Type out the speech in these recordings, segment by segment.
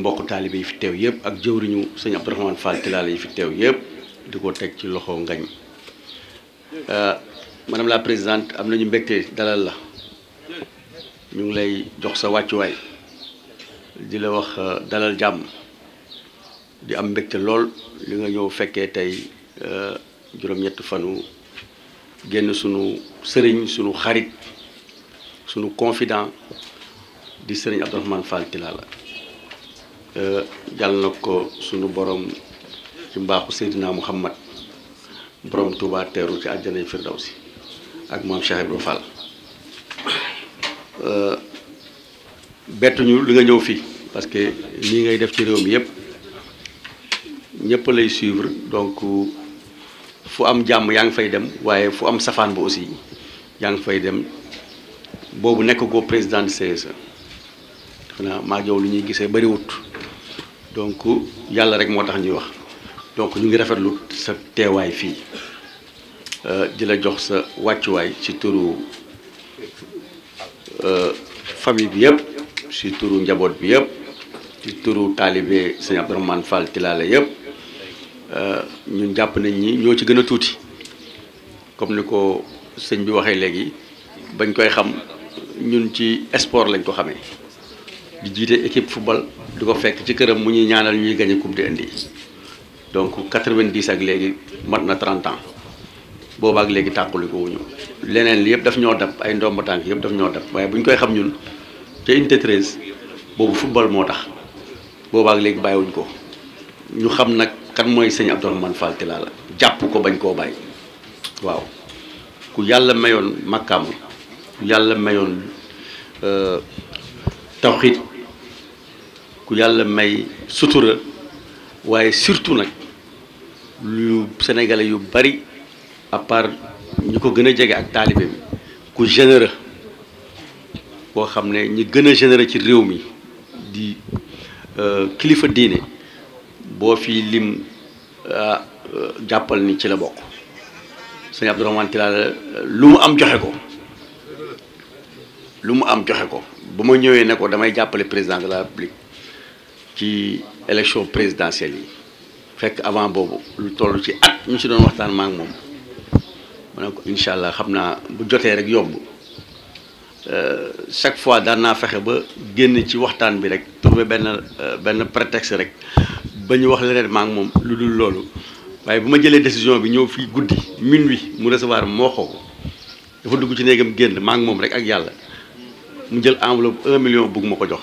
mbokk talibé yi fi tew yépp ak jëwriñu sëñ Abdourahmane Fall Tilala yi fi tew yépp diko tek ci loxo ngañ euh, madame la présidente am nañu mbékté dalal la ñu ngi lay jox sa waccu way di la wax euh, dalal jam di am mbékté lool li nga ñëw tay euh juroom ñett fanu genn suñu sëriñ suñu xarit suñu confident di sëriñ Abdourahmane Fall Tilala Euh, yàlla na ko sunu borom ci mbaaxu Seydina Muhammad borom Touba teeru ci àjjanay Firdawsi ak moom Cheikh Ibrahima Fall euh, bettuñu li nga ñëw fii parce que nii ngay def ci réew mi yëpp ñëpp lay suivre donc fu am jàmm yaa ngi fay dem waaye fu am safaan ba aussi yaa ngi fay dem boobu nekk ko président de CSE defe naa maa lu ñuy gisee bariwut donc yàlla rek moo tax ñuy wax donc ñu ngi rafetlu sa teewaay fii euh, di la jox sa wàccuwaay ci turu euh, famille bi yëpp si turu njaboot bi yëpp ci turu taalibe sëñ Abdourahmane Fall Tilala yëpp euh, ñun jàpp nañ ñi ñoo ci gën a tuuti comme ni ko sëñ bi waxee léegi bañ koy xam ñun ci sport lañ ko xamee di jiite équipe football. di ko fekk ci këram mu ñuy ñaanal ñuy gagné coupe di indi donc 90 ak léegi mat na 30 ans ak léegi tàqali ko wuñu leneen li yëpp daf ñoo dab ay ndomb tànk yëpp daf ñoo dab waaye bu ñu koy xam ñun boobu football moo tax booba léegi bàyyiwuñ ko ñu xam nag kan mooy sëñ Abdourahmane Fall Tilala jàpp ko bañ koo bàyyi waaw ku yàlla mayoon makkaam ku yàlla mayoon euh, tawxiit ku yàlla may sutura waaye surtout nag lu sénégalais yu bari à part ñi ko gën a jege ak taalibe bi ku généreux koo xam ne ñi gën a généreux ci réew mi di euh, kilifa diine boo fi lim ah, euh, jàppal ni ci la bokk sëñ Abdourahmane Tilala lu mu am joxe ko lu mu am joxe ko ba ma ñëwee ne ko damay jàppale président de la république ci élection présidentielle yi fekk avant boobu lu toll ci at ñu si doon waxtaan ma moom ma ne ko incha allah xam naa bu jotee rek yomb euh, chaque fois daan naa fexe ba génn ci waxtaan bi rek trouver benn euh, benn prétexte rek ba ñu wax leneen ma ak moom lu dul loolu waaye bu ma jëlee décision bi ñëw fii guddi minuit mu recevoir moo xoo ko dafa dugg ci néegam génn ma moom rek ak yàlla mu jël enveloppe un million bugg ma ko jox.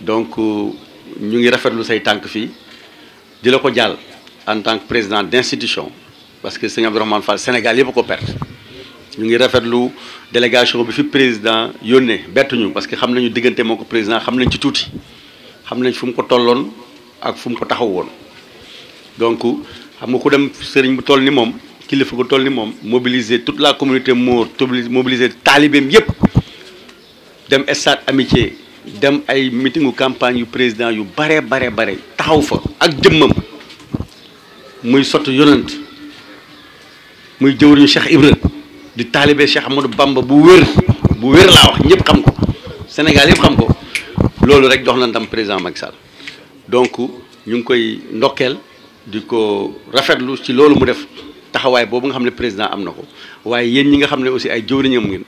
donc euh, ñu ngi rafetlu say tank fii di la ko jàll en tant que président d'institution, parce que Seigneur Abdourahmane Fall Sénégal yëpp ko nous ñu ngi rafetlu délégation bi fi président Yone, parce que nous avons diggante moo président nous nañ ci tuuti xam nañ fu mu ko tolloon ak fu ko taxaw donc xam nga ku dem sëriñ bu toll ni mobiliser toute la communauté mobiliser les yëpp dem stade amitié. dem ay meetingu campagne yu président yu bare bare bare taxaw fa ak jëmmam muy sotti yonent muy jëwriñu Cheikh Ibra di taalibe Cheikh Amadou Bamba bu wér bu wér laa wax ñëpp xam ko Sénégal yëpp xam ko loolu rek jox na ndam président Macky Sall donc ñu ngi koy ndokkeel di ko rafetlu ci loolu mu def taxawaay boobu nga xam ne président am na ko waaye yéen ñi nga xam ne aussi ay jëwriñam ngeen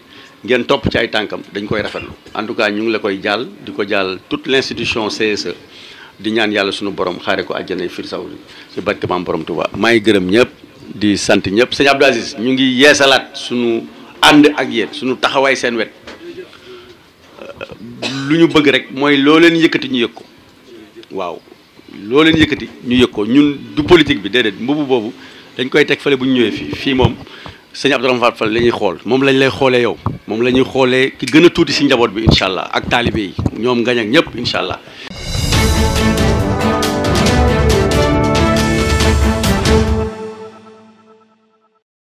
ngeen topp ci ay tànkam dañ koy rafetlu en tout cas ñu ngi la koy jàll di ko jàll toute l' institution CSE di ñaan yàlla suñu borom xaare ko àjjana firsaw ci barke maam borom Tuubaa maa ngi gërëm ñëpp di sant ñëpp sëñ Abdou Aziz ñu ngi yeesalaat suñu ànd ak yéen suñu taxawaay seen wet lu ñu bëgg rek mooy loo leen yëkkati ñu yëg ko waaw loo leen yëkkati ñu yëkkoo ñun du politique bi déedéet mbubu boobu dañ koy teg fale bu ñu ñëwee fii fii moom sëñ Abdourahmane Fall Fall la ñuy xool moom lañu lay xoolee yow moom lañuy ñuy xoolee ki gën a tuuti si njaboot bi incha allah ak taalibe yi ñoom ngañ ak ñëpp incha allah.